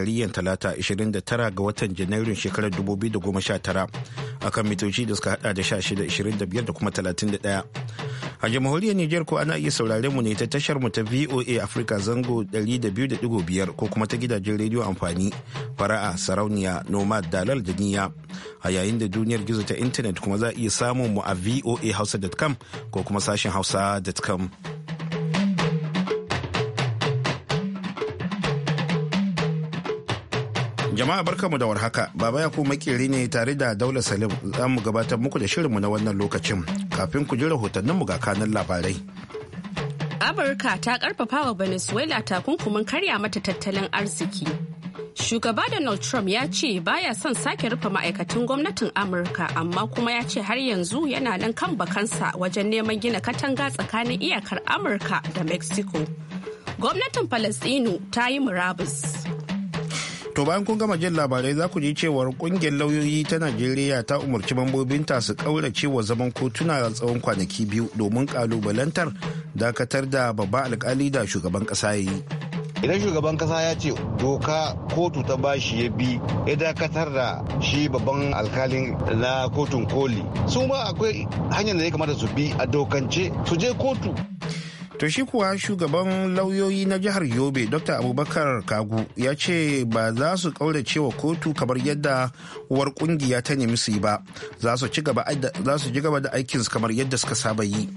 miliyan talata 29 ga watan janairun shekarar 2019 kan mitoci da suka hada da 1625 da kuma 31 a jamhuriyar niger ko ana iya saurare mu ne ta tashar mu ta voa africa zango 200.5 ko kuma ta gidajen rediyo amfani fara'a sarauniya nomad dalal da niya a yayin da duniyar gizo ta intanet kuma za a iya samun mu a voa hausa.com ko kuma sashen hausa.com Jama'a barkamu da warhaka, Baba Yakubu makeri ne tare da Daula Salim za mu gabatar muku da shirinmu na wannan lokacin kafin ku ji mu ga kanan labarai. Amurka ta karfafa wa Venezuela takunkumin karya mata tattalin arziki. Shugaba Donald Trump ya ce baya son sake rufe ma'aikatan gwamnatin Amurka amma kuma ya ce har yanzu yana nan kan bakansa wajen neman gina katanga tsakanin iyakar Amurka da Mexico. Gwamnatin Falasɗinu ta yi murabus. To bayan kun gama jin labarai za ku ji cewar kungiyar lauyoyi ta Najeriya ta umarci mambobinta su kaurace wa zaman kotuna tsawon kwanaki biyu domin kalubalantar dakatar da babba alkali da shugaban ƙasa ya yi. Idan shugaban kasa ya ce doka kotu ta bashi ya bi ya dakatar da shi babban alkalin na kotun koli. Su ma akwai hanyar da ya kamata su bi a dokance su je kotu. to shi kuwa shugaban lauyoyi na jihar yobe dr abubakar kagu ya ce ba za su ƙaurace wa kotu kamar yadda uwar kungiya ta nemi su yi ba za su ci gaba da aikinsu kamar yadda suka saba yi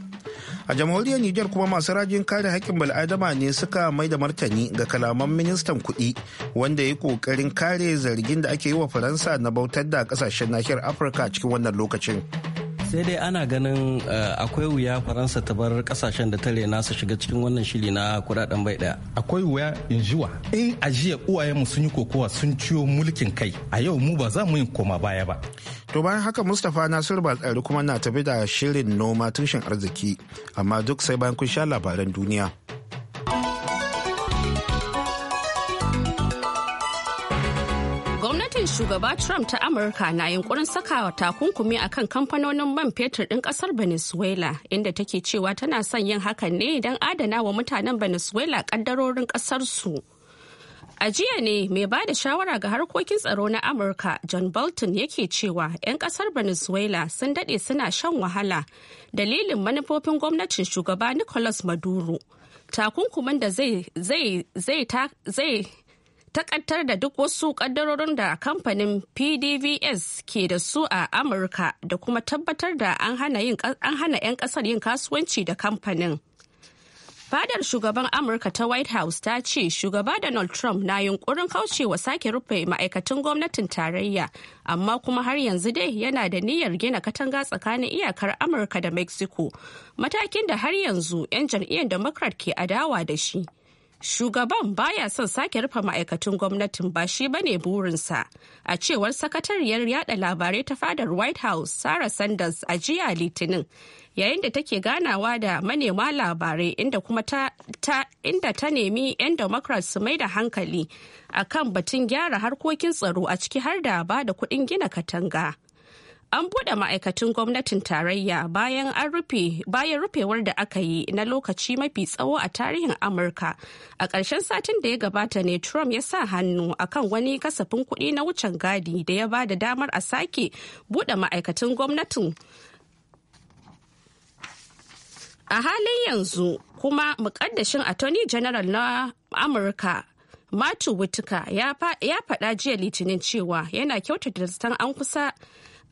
a jamhuriyar nijar kuma masu rajin kare haƙƙin bal'adama ne suka mai da martani ga kalaman ministan kuɗi wanda ya ƙoƙarin kare zargin da ake yi wa faransa na bautar da ƙasashen nahiyar afirka cikin wannan lokacin sai dai ana ganin eh, akwai wuya faransa ta bar kasashen da ta rena su shiga cikin wannan shiri na kudaden bai daya akwai wuya in jiwa in ajiya uwayenmu sun yi kokowa sun ciyo mulkin kai a yau mu ba za mu yi koma baya ba to bayan haka mustapha nasiru tsari kuma na tafi da shirin noma tushen arziki amma duk sai bayan kun sha labaran duniya shugaba Trump ta Amurka na yunkurin sakawa takunkumi a kan kamfanonin man fetur ɗin ƙasar Venezuela inda take cewa tana son yin hakan ne don adana wa mutanen Venezuela ƙaddarorin ƙasarsu. A jiya ne mai ba da shawara ga harkokin tsaro na Amurka John Bolton yake cewa 'yan kasar Venezuela sun daɗe suna shan wahala dalilin manufofin gwamnatin shugaba Nicolas Maduro. Takunkuman da zai takantar da duk wasu kaddarorin da kamfanin pdvs ke da su a amurka da kuma tabbatar da an hana 'yan kasar yin kasuwanci da kamfanin fadar shugaban amurka ta white house ta ce shugaba donald trump na yunkurin kaucewa sake rufe ma'aikatan gwamnatin tarayya amma kuma har yanzu dai yana da niyyar gina katanga tsakanin iyakar amurka da mexico matakin da har yanzu 'yan jam'iyyar democrat ke adawa da shi Shugaban baya son sake rufe ma'aikatun gwamnatin ba shi bane burinsa, a cewar sakatariyar yada labarai ta fadar White House Sarah Sanders a jiya Litinin, yayin da take ganawa da manema labarai inda kuma ta, ta inda ta nemi 'yan Democrats su mai da hankali akan batun gyara harkokin tsaro a ciki har da ba da kuɗin gina katanga. an buɗe ma'aikatan gwamnatin tarayya bayan rufe bayan rufewar da aka yi na lokaci mafi tsawo a tarihin amurka a ƙarshen satin da ya gabata ne trump ya sa hannu akan wani kasafin kuɗi na wucin gadi da ya ba da damar a sake buɗe ma'aikatan gwamnatin a halin yanzu kuma mukaddashin attorney general na amurka matu wutuka ya faɗa jiya litinin cewa yana kyautata zaton an kusa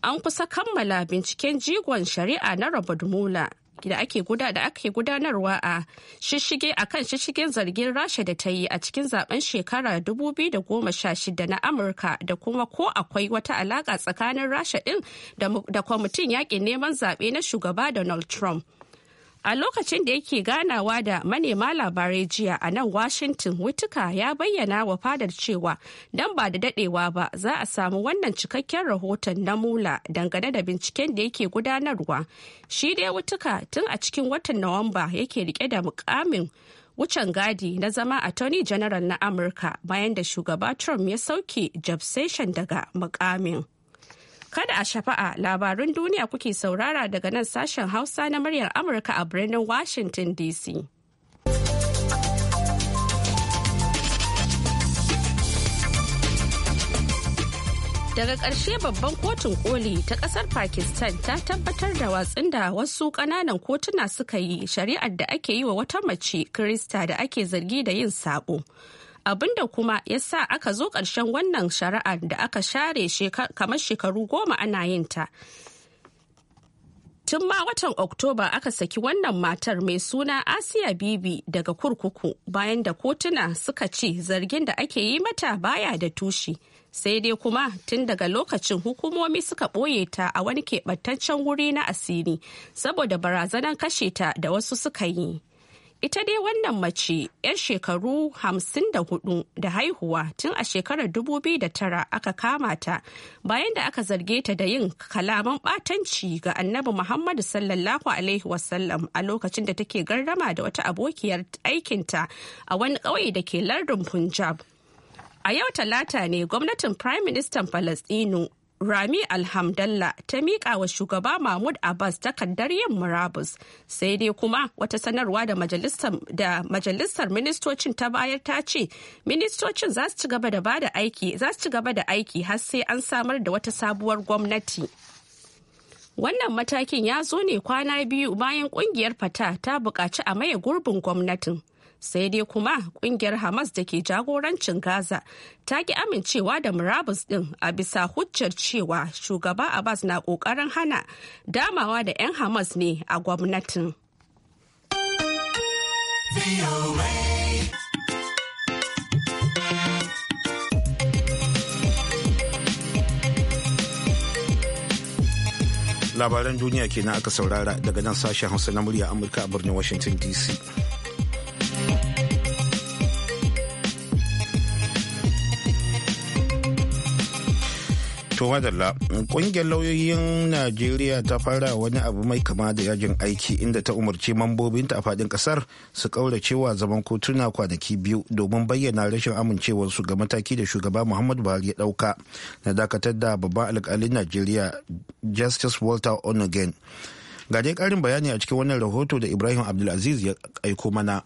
an kusa kammala binciken jigon shari'a na Robert mula da ake guda da ake gudanarwa a shishige a kan shishigen zargin rasha da ta yi a cikin zaben shekara 2016 na amurka da kuma ko akwai wata alaka tsakanin rasha din da kwamitin yakin neman zaɓe na shugaba donald trump A lokacin da yake ganawa da manema labarai jiya a nan Washington, wutuka ya bayyana wa fadar cewa don ba da dadewa ba za a samu wannan cikakken rahoton na mula dangane da binciken da yake gudanarwa. Shi dai wutuka tun a cikin watan Nuwamba yake rike da mukamin wucin gadi na zama attorney general na Amurka bayan da shugaba Trump ya sauke Jeff daga mukamin. Kada a shafa'a labarun duniya kuke saurara daga nan sashen Hausa na muryar Amurka a birnin Washington DC. daga ƙarshe babban kotun koli ta ƙasar pakistan ta tabbatar da watsin da wasu ƙananan kotuna suka yi shari'ar da ake yi wa wata mace krista da ake zargi da yin sabo abinda kuma ya sa aka zo ƙarshen wannan shari'ar da aka share kamar shekaru goma ana yin ta. Tun ma watan Oktoba aka saki wannan matar mai suna Asiya Bibi daga kurkuku bayan da kotuna suka ce zargin da ake yi mata baya da tushi Sai dai kuma tun daga lokacin hukumomi suka ɓoye ta a wani keɓantaccen wuri na asiri saboda barazanan kashe ta da wasu suka yi. Ita dai wannan mace 'yan shekaru 54 da haihuwa tun a shekarar 2009 aka kama ta bayan da aka zarge ta da yin kalaman batanci ga annabi Muhammadu sallallahu Alaihi wasallam a lokacin da take garrama da wata abokiyar aikinta a wani ƙauye da ke lardin Punjab. A yau talata ne gwamnatin Prime Minister Falasɗinu Rami alhamdulla ta miƙa wa shugaba Mahmud Abbas takardar yin murabus sai dai kuma wata sanarwa da majalisar, da majalisar ministocin ta bayar ta ce ministocin za su ci gaba da bada aiki za su ci gaba da aiki har sai an samar da wata sabuwar gwamnati. Wannan matakin ya zo ne kwana biyu bayan kungiyar fata ta buƙaci a maye gurbin gwamnatin sai dai kuma kungiyar hamas da ke jagorancin gaza ta ki amincewa da murabus din a bisa hujjar cewa shugaba abbas na kokarin hana damawa da 'yan hamas ne a gwamnatin labaran duniya kenan aka saurara daga nan sashen hausa na murya amurka a birnin washington dc To madalla, kungiyar lauyoyin Najeriya ta fara wani abu mai kama da yajin aiki inda ta umarci mambobinta a fadin kasar su cewa zaman kotuna kwanaki biyu domin bayyana rashin amincewarsu ga mataki da shugaba Muhammadu Buhari ya dauka na dakatar da babban alkalin Najeriya Justice Walter Onogen. Ga dai karin bayani a cikin wannan rahoto da Ibrahim Abdulaziz ya aiko mana.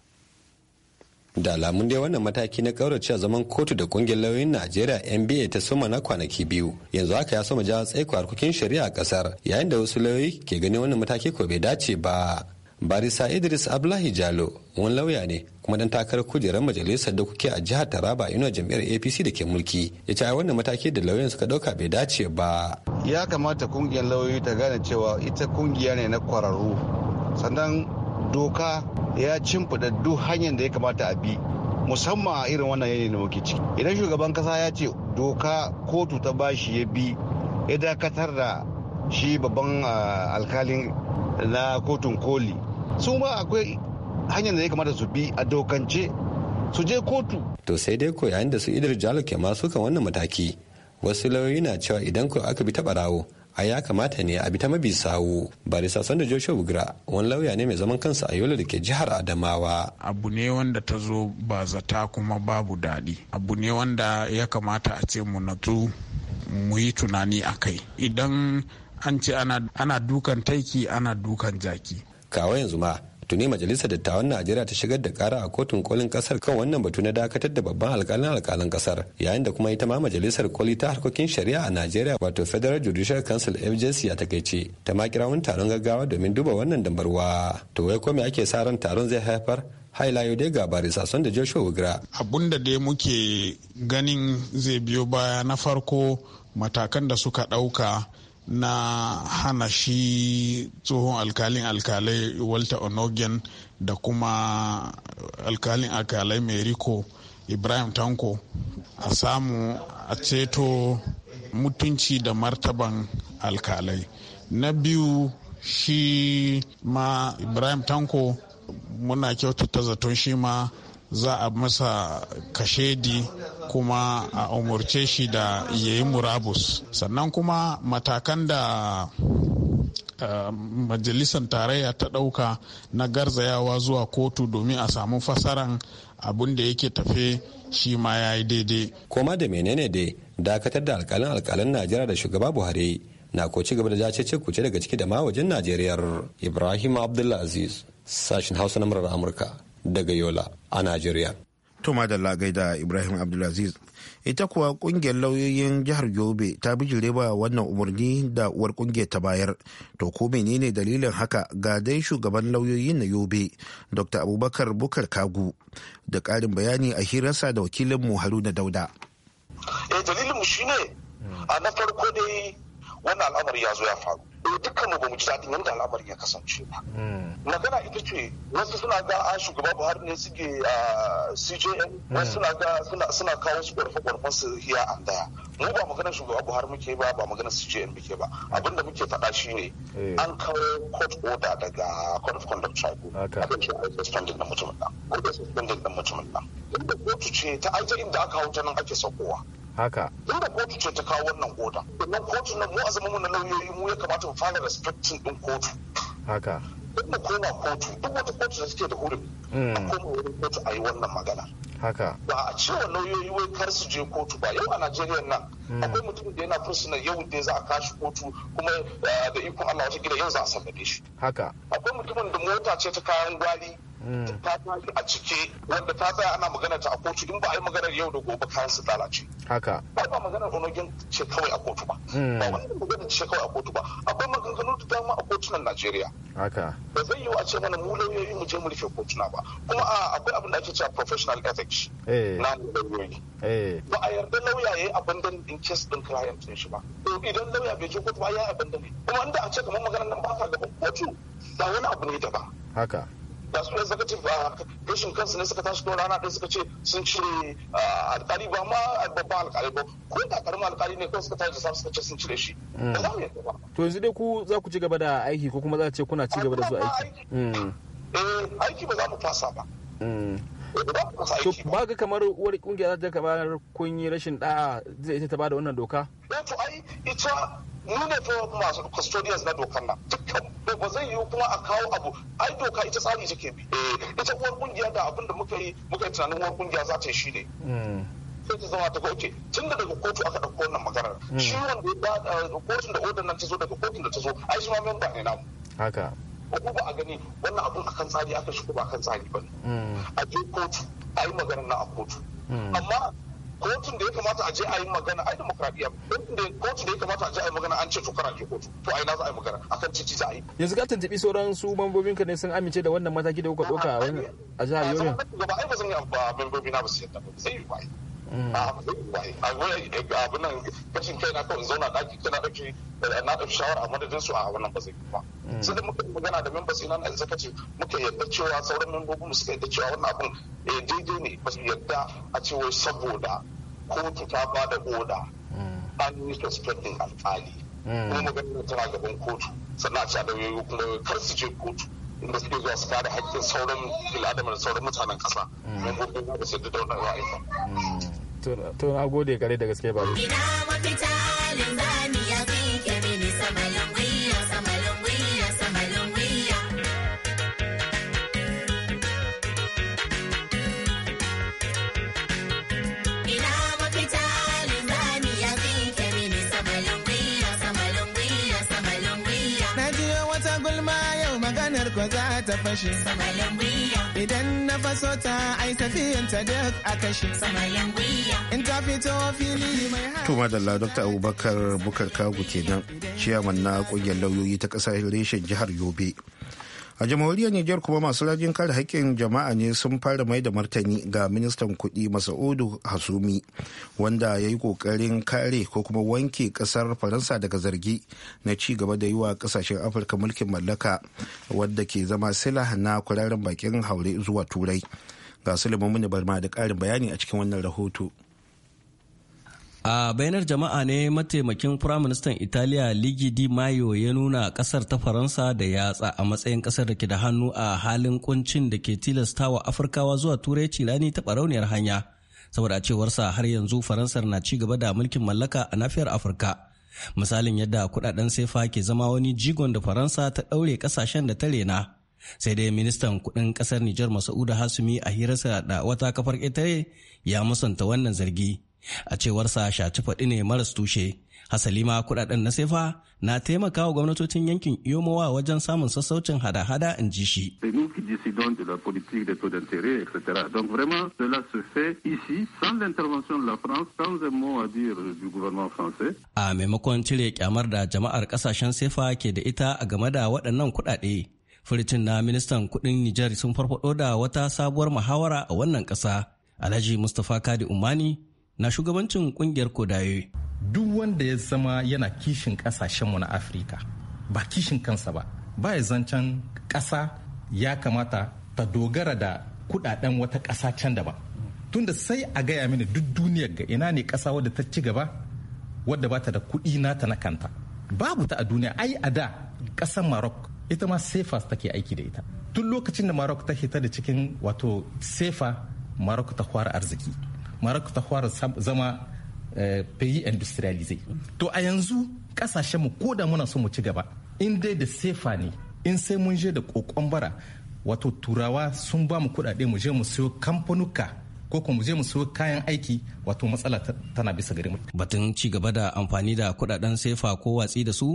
da alamun dai wannan mataki na a zaman kotu da kungiyar lauyoyin najeriya nba ta soma na kwanaki biyu yanzu haka ya soma jawo tsaiko harkokin shari'a a kasar yayin da wasu lauyoyi ke ganin wannan mataki ko bai dace ba barisa idris ablahi jalo wani lauya ne kuma dan takarar kujerar majalisar kuke a jihar taraba ino jam'iyyar apc da ke mulki ya ce wannan mataki da lauyan suka dauka bai dace ba ya kamata kungiyar lauyoyi ta gane cewa ita kungiya ne na kwararru sannan doka ya cin duk hanyar da ya kamata a bi musamman irin wannan yanayin da muke ciki idan shugaban kasa ya ce doka kotu ta bashi ya bi ya dakatar da shi babban alkalin na kotun koli su ma akwai hanyar da ya kamata su bi a dokance su je kotu to sai dai ko yayin da su idar jalo ke masu kan wannan mataki wasu lauyoyi na cewa idan ko aka bi ta barawo a ya kamata ne a bi ta mabi sawu barista sanda joshua bugra wani lauya ne mai zaman kansa a yola da ke jihar adamawa abu ne wanda ta zo ba zata kuma babu daɗi abu ne wanda ya kamata a ce mu natsu mu yi tunani a kai idan an ce ana dukan taiki ana dukan jaki kawai yanzu ma tuni majalisar dattawan najeriya ta shigar da kara a kotun kolin kasar kan wannan batu na dakatar da babban alkalin alkalin kasar yayin da kuma ita ma majalisar koli ta harkokin shari'a a najeriya wato federal judicial council fjc a takaice ta ma kira wani taron gaggawa domin duba wannan dambarwa to wai ko ake sa ran taron zai haifar hailayo dai ga barisason da joshua wigra abunda dai muke ganin zai biyo baya na farko matakan da suka ɗauka na hana shi tsohon alkalin alkalai walter onogen da kuma alkalin alkalai mai riko ibrahim tanko a samu a ceto mutunci da martaban alkalai na biyu shi ma ibrahim tanko muna kyautata zaton shi ma za a masa kashedi kuma a umarce shi da yayi murabus sannan kuma matakan da Uh, majalisar tarayya ta ɗauka na garzayawa zuwa kotu domin a samu fasaran abun da yake tafe shi ma ya yi daidai. Koma da menene dai dakatar da alkalin alkalin Najeriya da shugaba Buhari na ko ci gaba da jace kuce daga ciki da ma wajen Najeriyar Ibrahim Abdulaziz sashen Hausa na murar Amurka daga Yola a Najeriya. Tuma da lagaida Ibrahim Abdulaziz. Ita kuwa kungiyar lauyoyin jihar Yobe ta bijire ba wannan umarni da uwar kungiyar ta bayar. To ko menene dalilin haka ga dai shugaban lauyoyin na Yobe, Dr. Abubakar Bukar Kagu, da karin bayani a hirarsa da wakilin mu Haruna Dauda. Eh dalilinmu shine a na farko dai wannan al'amari ya zo ya faru. eh dukkan mu bamu ji daɗin yadda al'amarin ya kasance ba hmm. magana ita ce wasu suna ga a ah, shugaba Buhari ne suke a ah, CJN hmm. wasu suna ga suna kawo su ƙwarfe ƙwarfen su hiya an daya mu ba maganar shugaba Buhari muke ba ba maganar CJN muke ba abinda muke faɗa shi ne. Eh. an kawo court order daga court of Conduct tribal. akan shi ake suspending na mutumin nan ko da suspending na mutumin nan inda kotu ce ta aita inda aka hau ta nan ake saukowa haka inda kotu ce ta kawo wannan oda Wannan kotu nan mu azumin mu na lauyoyi mu ya kamata mu fara respecting din kotu haka duk mu koma kotu duk wata kotu da suke da hurin a hmm. koma wurin kotu a wannan magana haka ba a cewa lauyoyi wai kar su je kotu ba yau a najeriya nan hmm. akwai mutum da yana fursuna yau da za a kashi kotu kuma eh, da ikon allah wata gida yau za a sallame shi haka akwai mutumin da mota ce ta kayan gwari ta tashi a cike wanda ta tsaya ana magana ta a kotu in ba a yi maganar yau da gobe kayan su lalace haka ba ba maganar onogin ce kawai a kotu ba hmm. ba wani maganar ce kawai a kotu ba akwai maganganu da dama a kotunan Najeriya haka ba zai yi a ce mana mu lauyoyi mu je mu rufe kotuna ba kuma akwai abin da ake cewa professional ethics eh. na lauyoyi eh. ba a yarda lauya ya yi abandon in case din client din shi ba idan lauya bai je kotu ba ya abandon kuma inda a ce kamar maganar nan ba ka gaban kotu Da wani abu ne daban haka da su executive rashin kansu ne suka tashi kawai rana ɗaya suka ce sun cire ah, alkali ba ma babban alkali ba ko da karamin alkali ne kawai suka tashi da suka ce sun cire shi hmm. to yanzu dai ku za ku ci gaba da aiki ko kuma za a ce kuna ci gaba da zuwa aiki hmm. eh aiki ba za mu fasa ba hmm. to ba ga kamar wani kungiya za ta kamar kun yi rashin da'a zai ita ta bada wannan doka eh, to ai ita nuna fa masu custodians na dokan nan dukkan ba zai yiwu kuma a kawo abu ai doka ita tsari take bi eh. ita uwar kungiya da abin da muka yi muka yi tunanin uwar kungiya za ta yi shi ne hmm. sai ta zama ta ga oke tun da daga kotu aka ɗauko wannan magana hmm. shi wanda ya ba eh, kotun da odar nan ta zo daga kotun da ta zo ai shi ma memba ne namu haka ko ba a gani wannan abun a kan tsari aka shigo ba kan tsari ba mm. a je kotu a yi magana na a kotu mm. amma kotun da ya kamata a je a yi magana ai demokradiya kotun da ya kamata a je a yi magana an ce to kara ke kotu to ai na za a yi magana a kan cici za a yi yanzu ka tuntubi sauran su mambobinka ne sun amince da wannan mataki da kuka ɗauka. a jihar Yobe ba ai ba zan yi ba mambobi na ba su yadda ba sai ba Mm. Ah, a abu nan kashin kai na kawai zauna daki kana daki eh, na ɗauki shawara a madadin su a wannan ba zai ba mm. sai da muka yi magana da members ina na zaka ce muka yarda cewa sauran membobin suka yarda cewa wannan abun eh, daidai ne ba su yarda a cewa saboda kotu ta ba da oda mm. an yi suspending alƙali kuma maganar tana gaban kotu sannan a ci a dauyoyi kuma kar su je kotu inda suke zuwa su kare haƙƙin sauran bil'adama da sauran mutanen ƙasa. Mun gobe da su yadda da wannan ra'ayi to a gode gare da gaske ba. ba za ta fashe idan na faso ta ai ta duk a kashe in ta fito fili mai haka to madalla dr abubakar bukar kagu kenan ciyaman na lauyoyi ta kasar reshen jihar yobe a jamhuriyar niger kuma masu rajin kare haƙƙin jama'a ne sun fara mai da martani ga ministan kuɗi masaudu hasumi wanda ya yi ƙoƙarin kare ko kuma wanke ƙasar faransa daga zargi na ci gaba da yi wa ƙasashen afirka mulkin mallaka wadda ke zama sila na kuraren bakin haure zuwa turai ga sulaiman muni barma da ƙarin bayani a cikin wannan rahoto a bainar jama'a ne mataimakin firaministan italiya ligi di mayo ya nuna kasar ta faransa da yatsa a matsayin kasar da ke da hannu a halin kuncin da ke tilastawa afirkawa zuwa turai cilani ta barauniyar hanya saboda cewarsa har yanzu faransar na ci gaba da mulkin mallaka a nafiyar afirka misalin yadda kudaden sefa ke zama wani jigon da faransa ta daure kasashen da ta rena sai dai ministan kudin kasar Nijar Masauda Hasumi a hirarsa da wata kafar ƙetare ya musanta wannan zargi a cewarsa shaci faɗi ne maras tushe hasali ma kuɗaɗen na sefa na taimakawa gwamnatocin yankin iyomowa wajen samun sassaucin hada-hada in ji shi. A maimakon cire kyamar da jama'ar kasashen sefa ke da ita a game da waɗannan kuɗaɗe. furitin na ministan kuɗin Nijar sun farfaɗo da wata sabuwar muhawara a wannan ƙasa. Alhaji Mustapha Kadi Umani na shugabancin kungiyar kodaye. Duk wanda ya zama yana kishin kasashenmu na Afirka ba kishin kansa ba, ba ya zancen ƙasa ya kamata ta dogara da kudaden wata ƙasa can da ba. Tunda sai a gaya mini duk duniyar ga ina ne ƙasa wadda ta ci gaba wadda ba ta da kuɗi nata na kanta. Babu ta a duniya ai a da ƙasar Maroc ita ma sefas take aiki da ita. Tun lokacin da Maroc ta hita da cikin wato sefa Marok ta kwara arziki. maroko ta fara zama fayi eh, industrialize to a yanzu kasashen mu ko da muna so mu ci gaba in dai da sefa ne in sai mun je da kokon bara wato turawa sun ba mu kudade mu je mu siyo kamfanuka ko kuma je mu siyo kayan aiki wato matsala tana bisa gari. mu batun ci gaba da amfani da kudaden sefa ko watsi da su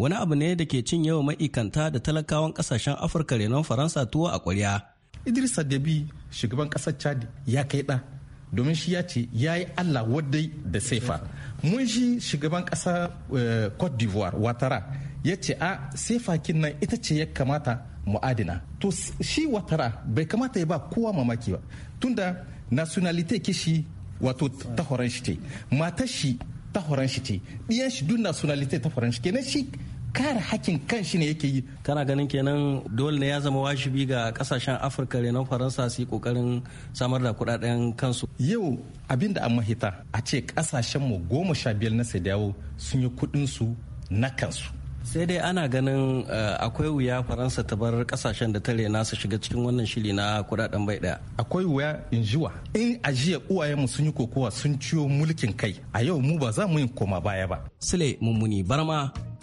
wani abu ne da ke cin yawa ma'ikanta da talakawan kasashen afirka renon faransa tuwo a kwarya idris Sadebi shugaban kasar chad ya kai da domin shi ya ce ya yi allah wadai da sefa mun shi shugaban kasa eh, cote d'ivoire watara ya ce a sefa kin nan ita ce ya kamata mu'adina to shi watara bai kamata ya ba kowa mamaki ba tunda nationalite kishi wato tahoran shi ce matar shi shi ce ɗiyan shi duk nationalite tahoran shi kenan shi kare hakkin shi ne yake yi kana ganin kenan dole ne ya zama washibi ga kasashen afirka renon faransa su yi kokarin samar da kudaden kansu yau abin da an mahita a ce kasashen mu goma sha biyar na sadiyawo sun yi kudin su na kansu sai dai ana ganin eh, akwai wuya faransa ta bar kasashen da ta rena su shiga cikin wannan shiri na kudaden bai daya akwai wuya in jiwa in ajiya uwayenmu sun yi kokowa sun ciyo mulkin kai a yau mu ba za mu yi koma baya ba sule mummuni barma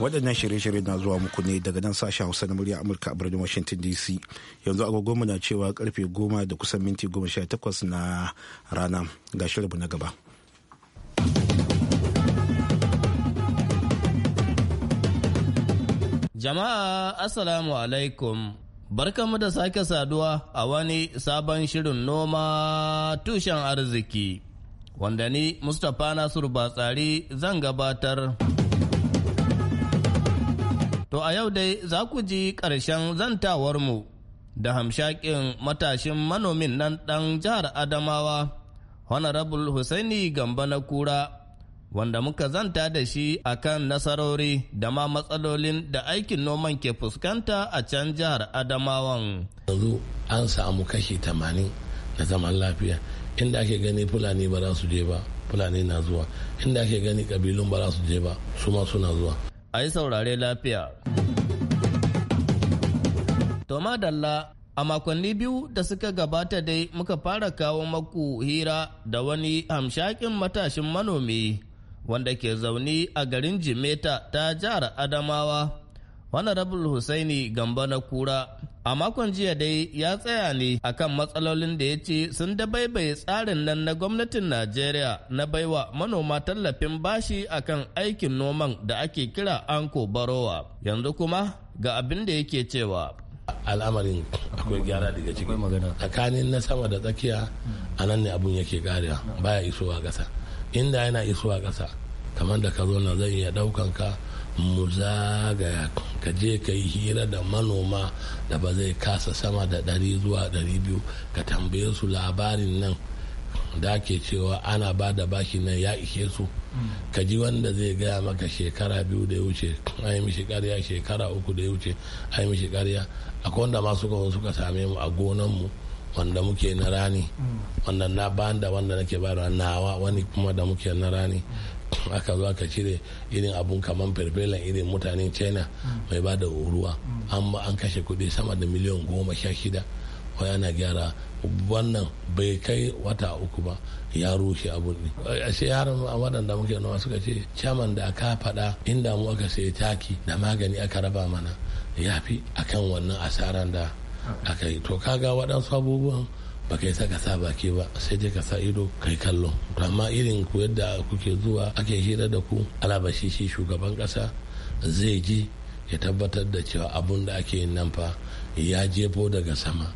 waɗannan shirye-shirye na zuwa muku ne daga nan sashen hausa na murya amurka a birnin washington dc yanzu agogo na cewa karfe goma da kusan minti goma sha takwas na rana ga shirinmu na gaba jama'a assalamu alaikum barkamu da sake saduwa a wani sabon shirin noma tushen arziki wanda ni mustapha nasiru batsari zan gabatar. To a yau dai za ku ji ƙarshen zantawarmu da hamshakin matashin manomin nan ɗan jihar Adamawa, Honorable Hussaini Gamba na Kura, wanda muka zanta da shi a kan nasarori da ma matsalolin da aikin noman ke fuskanta a can jihar Adamawan. Yanzu an samu kashi tamanin da zaman lafiya, inda ake gani Fulani ba za su je ba, Fulani na zuwa, inda ake gani kabilun ba za su je ba, su ma suna zuwa. a yi saurare lafiya. Toma Dalla a makonni biyu da suka gabata dai muka fara kawo maku hira da wani hamshakin matashin manomi wanda ke zaune a garin Jimeta ta jihar Adamawa, wani rabul Husaini Gamba na Kura. a makon jiya dai ya tsaya ne akan matsalolin da ya ce sun dabaibaye tsarin nan na gwamnatin najeriya na baiwa manoma tallafin bashi a kan aikin noman da ake kira anko barowa yanzu kuma ga abin da yake cewa al'amarin akwai gyara daga ciki tsakanin na sama da tsakiya a nan ne abun yake gariya baya isowa ƙasa inda yana isowa ƙasa kamar da ka zo na zai iya ɗaukanka. mu zagaya ka je ka yi hira da manoma da ba zai kasa sama da ɗari zuwa ɗari biyu ka tambaye su labarin nan da ke cewa ana ba da bashi nan ya ishe su mm. ka ji wanda zai gaya maka shekara biyu da ya wuce an yi mishi karya shekara uku da ya wuce an yi mishi karya akwai wanda masu kawo suka same mu a gonan mu wanda muke na rani mm. wanda na ban wanda nake ba da nawa wani kuma da muke na rani aka zo aka cire irin abun kamar firfilan irin mutanen china mai ba da ruwa an an kashe kuɗi sama da miliyan goma sha shida Ko yana gyara wannan bai kai wata uku ba ya rushe abun ne sai yaran waɗanda muke nawa suka ce caman da aka faɗa inda mu aka sai taki da magani aka raba mana ya fi akan wannan asaran da aka yi to kaga waɗansu abubuwan ba kai sa kasa ba baki ba sai dai kasa sa ido kai kallo to amma irin ku yadda kuke zuwa ake hira da ku alabashi shi shugaban kasa zai ji ya tabbatar da cewa abun da ake yin nan fa ya jefo daga sama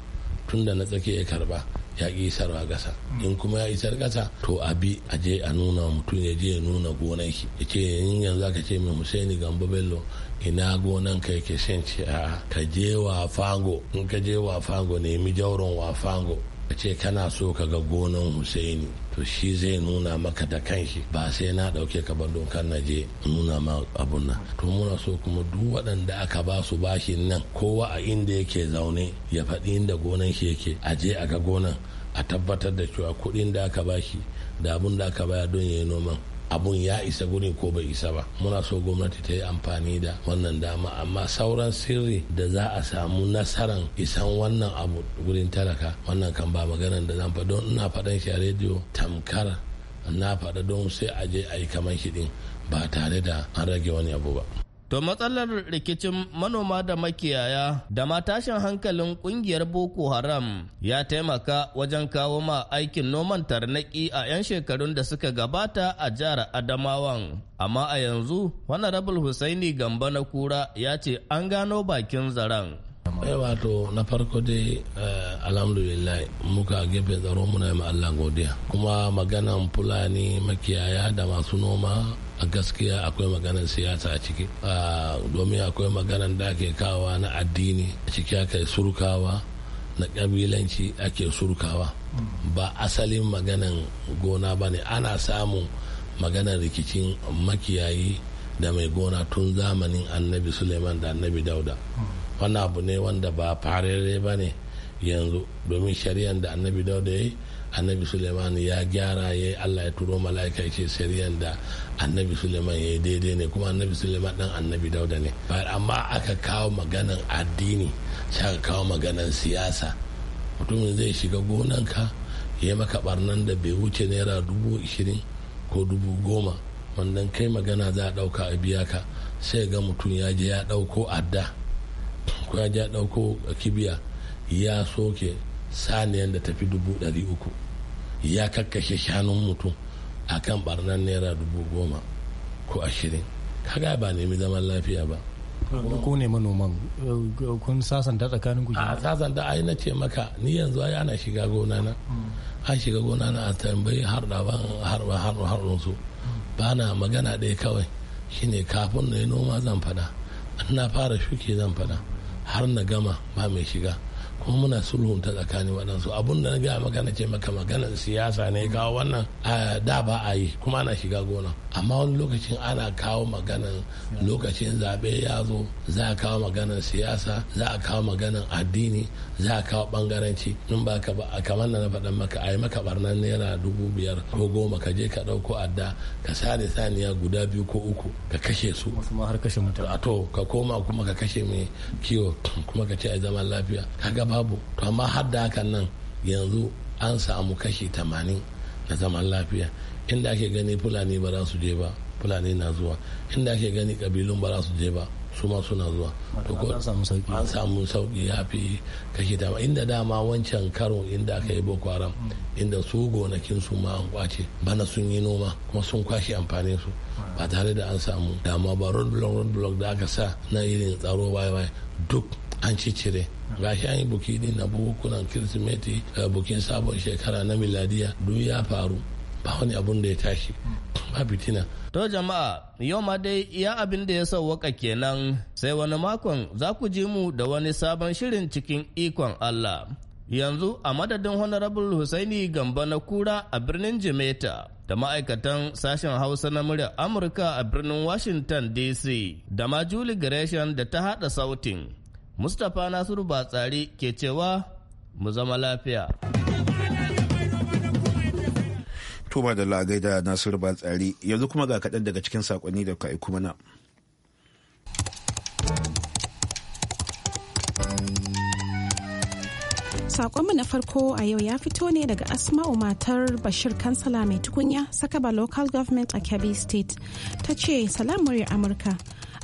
tun da na tsaki ya karba ya ƙi sarwa ƙasa in kuma ya isar ƙasa to a bi a je a nuna mutum ya je ya nuna gonaki ya ce yin yanzu aka ce mai husaini gambo bello ina gonan ka yake shan ce a ka je wa fango in ka je wa fango nemi jauron wa fango a ce kana so ka ga gonan Husaini to shi zai nuna maka da kanshi ba sai na ɗauke ka ba don kan je nuna ma abun nan to muna so kuma duk waɗanda aka ba su bashin nan kowa a inda yake zaune ya faɗi inda gonan shi yake a je a ga gonan a tabbatar da cewa kuɗin da aka bashi da abun da aka baya don ya yi noman abun ya isa guri ko bai isa ba muna so gwamnati ta yi amfani da wannan dama amma sauran sirri da za a samu nasaran isan wannan abu gurin talaka wannan kan ba maganan da zan don ina faɗan shi a rediyo tamkar na faɗa don sai a je a yi kamar shi ba tare da an rage wani abu ba To matsalar rikicin manoma da makiyaya da ma tashin hankalin kungiyar Boko Haram ya taimaka wajen kawo ma aikin noman tarnaki a 'yan shekarun da suka gabata a jihar Adamawan. Amma a yanzu, wani rabul Husaini Gamba na Kura ya ce an gano bakin zaren. Eh, wato na farko dai eh, alhamdulillah muka gefe tsaro muna yi Allah godiya kuma maganan fulani makiyaya da masu noma a gaskiya akwai maganar siyasa a ciki ah, domin akwai maganar da ake kawa na addini a ciki aka surkawa na kabilanci ake surkawa ba asalin maganan gona ba ne ana samun maganar rikicin makiyayi da mai gona tun zamanin annabi suleiman da annabi dauda wani abu ne wanda ba farere ba ne yanzu domin shari'an da annabi dauda ya yi annabi suleiman ya gyara ya yi allah ya turo mala'ika ya ce shari'an da annabi suleiman ya yi daidai ne kuma annabi suleiman dan annabi dauda ne Ba amma aka kawo maganan addini sai aka kawo maganan siyasa mutumin zai shiga gonanka ya yi maka barnan da bai wuce naira dubu ishirin ko dubu goma wannan kai magana za a ɗauka a biya ka sai ga mutum ya je ya ɗauko adda ko ya ja ɗauko kibiya ya soke saniyan da tafi dubu ɗari uku ya kakkashe shanun mutum a kan ɓarnar naira dubu goma ko ashirin kaga ba nemi zaman lafiya ba ko ne manoman kun sasanta tsakanin kuke a sasanta ai na ce maka ni yanzu ai ana shiga gona na mm. an shiga gona na a tambayi har da ban har har har su mm. ba na magana ɗaya kawai shine kafin na yi noma zan fada na fara shuke zan fada har na gama ba mai shiga kuma muna sulhunta tsakanin waɗansu abun da na gaya maka na ce maka maganar siyasa ne kawo wannan da ba a yi kuma ana shiga gona amma wani lokacin ana kawo maganar lokacin zaɓe ya zo za a kawo maganar siyasa za a kawo maganar addini za a kawo ɓangaranci in ba kamar na faɗin maka a yi maka ɓarnar naira dubu biyar ko goma ka je ka ɗauko adda ka sare saniya guda biyu ko uku ka kashe su a to ka koma kuma ka kashe mai kiwo kuma ka ce a zaman lafiya ga babu to amma har da hakan nan yanzu an samu kashi tamanin na zaman lafiya inda ake gani fulani ba za su je ba fulani na zuwa inda ake gani kabilun ba za su je ba su ma suna zuwa an samu sauki ya fi kashi dama inda dama wancan karo inda aka yi boko haram inda su gonakin su ma an kwace bana sun yi noma kuma sun kwashe amfanin su ba tare da an samu dama ba road block da aka sa na irin tsaro baya baya duk an ciccire gashi an yi buki din na bukukunan kirsimeti bukin sabon shekara na miladiya duk ya faru ba wani abun da ya tashi ba fitina to jama'a yau ma dai iya abin da ya sauwaka kenan sai wani makon za ku ji mu da wani sabon shirin cikin ikon allah yanzu a madadin honorable husaini gamba na kura a birnin jimeta da ma'aikatan sashen hausa na muryar amurka a birnin washington dc da ma julie gresham da ta hada sautin Mustapha Nasiru Batsari ke cewa mu zama lafiya. Tuma da lagai da Nasiru Batsari yanzu kuma ga kaɗan daga cikin saƙonni da ka aiku mana. Sakonmu na farko a yau ya fito ne daga Asma'u matar Bashir Kansala mai tukunya Sakaba Local Government a Kebbi State. Ta ce, salamuri Amurka,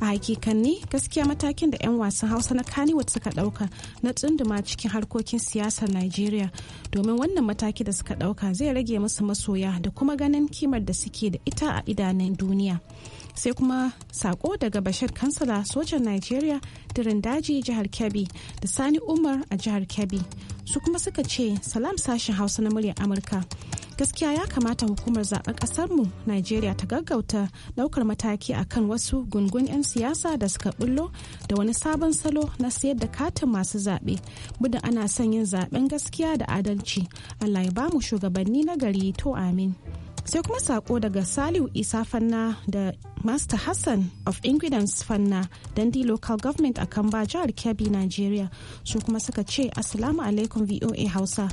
a hakikan hakikanni gaskiya matakin da 'yan wasan hausa na kaniwa suka dauka na tsunduma cikin harkokin siyasar nigeria domin wannan mataki da suka dauka zai rage musu masoya da kuma ganin kimar da suke da ita a idanun duniya sai kuma sako daga bashir kansala sojan nigeria dirin daji jihar kebbi da sani umar a jihar kebbi su kuma suka ce salam sashen hausa na muryar amurka gaskiya ya kamata hukumar zaben kasarmu najeriya ta gaggauta daukar mataki akan wasu gungun 'yan siyasa da suka bullo da wani sabon salo na sayar da katin masu zaɓe buda ana son yin zaben gaskiya da adalci allah ya bamu shugabanni na gari to amin sai kuma sako daga saliu isa fanna da master hassan of ingredients fanna dandi local government a kan ba jihar kebbi nigeria su kuma suka ce asalamu alaikum voa hausa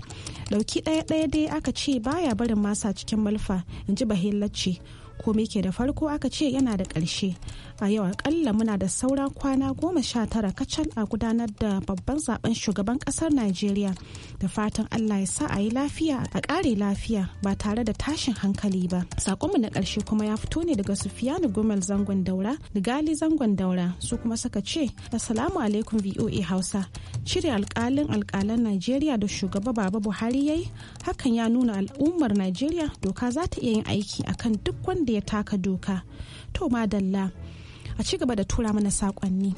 dauki daya daya dai aka ce baya barin masa cikin malfa in ji bahillacci ko me ke da farko aka ce yana da ƙarshe a yau akalla muna da saura kwana goma sha tara kacal a gudanar da babban zaben shugaban ƙasar najeriya da fatan allah ya sa a yi lafiya a ƙare lafiya ba tare da tashin hankali ba sakonmu na ƙarshe kuma ya fito ne daga sufiyanu gomel zangon daura da gali zangon daura su kuma suka ce assalamu alaikum voa hausa cire alkalin alkalan najeriya da shugaba baba buhari yayi hakan ya nuna al'ummar najeriya doka za ta iya yin aiki akan duk wanda ya taka doka to madalla a ci gaba da tura mana saƙonni.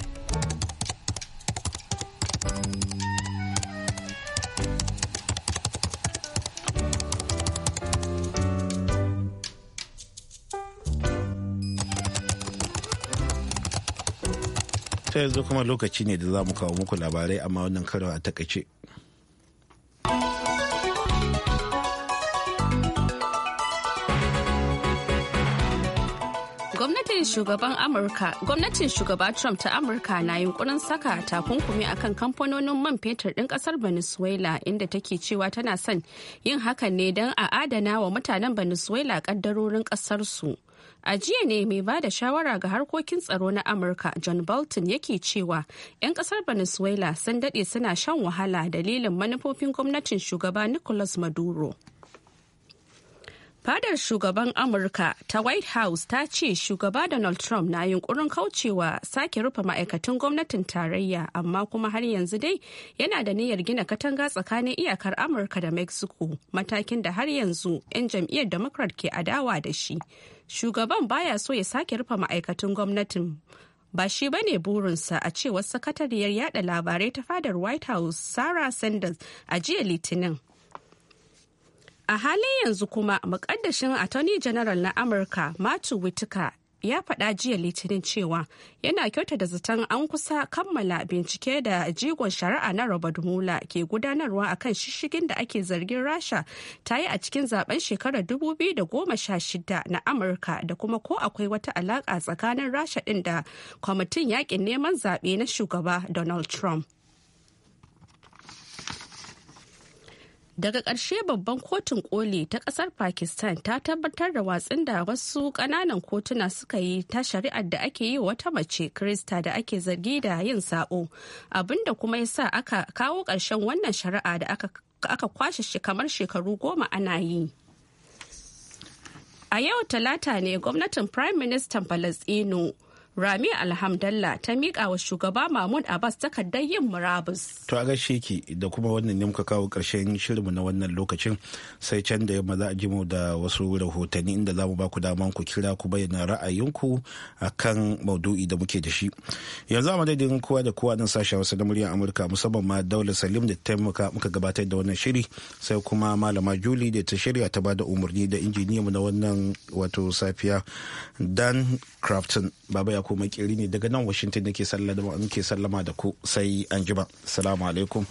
ta yanzu kuma lokaci ne da za mu kawo muku labarai amma wannan karo a takaice. gwamnatin shugaban amurka gwamnatin shugaba trump ta amurka na yunkurin saka takunkumi akan kamfanonin man fetur ɗin ƙasar venezuela inda take cewa tana son yin hakan ne don a adana wa mutanen venezuela ƙaddarorin ƙasarsu A jiya ne mai ba da shawara ga harkokin tsaro na Amurka John Bolton yake cewa 'yan kasar Venezuela sun daɗe suna shan wahala dalilin manufofin gwamnatin shugaba Nicolas Maduro. Fadar shugaban Amurka ta White House ta ce shugaba Donald Trump na yunkurin kaucewa sake rufe ma'aikatan gwamnatin tarayya amma kuma har yanzu dai yana da niyyar gina katanga tsakanin iyakar Amurka da Mexico matakin da har yanzu 'yan jam'iyyar Democrat ke adawa da shi. Shugaban baya so ya sake rufe ma'aikatan gwamnatin ba shi ba ne burinsa a cewar sakatariyar yada labarai ta fadar White House Sarah Sanders a jiya Litinin. A halin yanzu kuma mukaddashin Attorney General na Amurka Matthew Whitaker ya faɗa jiya litinin cewa yana kyauta da zaton an kusa kammala bincike da jigon shari'a na Robert Mueller ke gudanarwa a kan shishigin da ake zargin Rasha ta yi a cikin zaben shekarar 2016 na Amurka da kuma ko akwai wata alaƙa tsakanin Rasha ɗin da kwamitin Yaƙin neman zaɓe na shugaba Donald Trump. daga ƙarshe babban kotun koli ta ƙasar pakistan ta tabbatar da watsin da wasu ƙananan kotuna suka yi ta shari'ar da ake yi wata mace krista da ake zargi da yin sabo abinda kuma ya sa aka kawo ƙarshen wannan shari'a da aka kwashe shi kamar shekaru goma ana yi a yau talata ne gwamnatin prime minister falasɗinu Rami Alhamdallah ta miƙa wa shugaba Mahmud Abbas takardar yin murabus. To a gaishe ki da kuma wannan ne muka kawo ƙarshen shirinmu na wannan lokacin sai can da yamma za a ji mu da wasu rahotanni inda za mu ba ku daman ku kira ku bayyana ra'ayinku a kan maudu'i da muke da shi. Yanzu a madadin kowa da kowa nan sashen wasu na muryar Amurka musamman ma Daula Salim da taimaka muka gabatar da wannan shiri sai kuma Malama juli da ta shirya ta ba da umarni da injiniyanmu na wannan wato safiya Dan Crafton. Baba ya ko makiri ne daga nan washington ke sallama da ku sai an jima salamu alaikum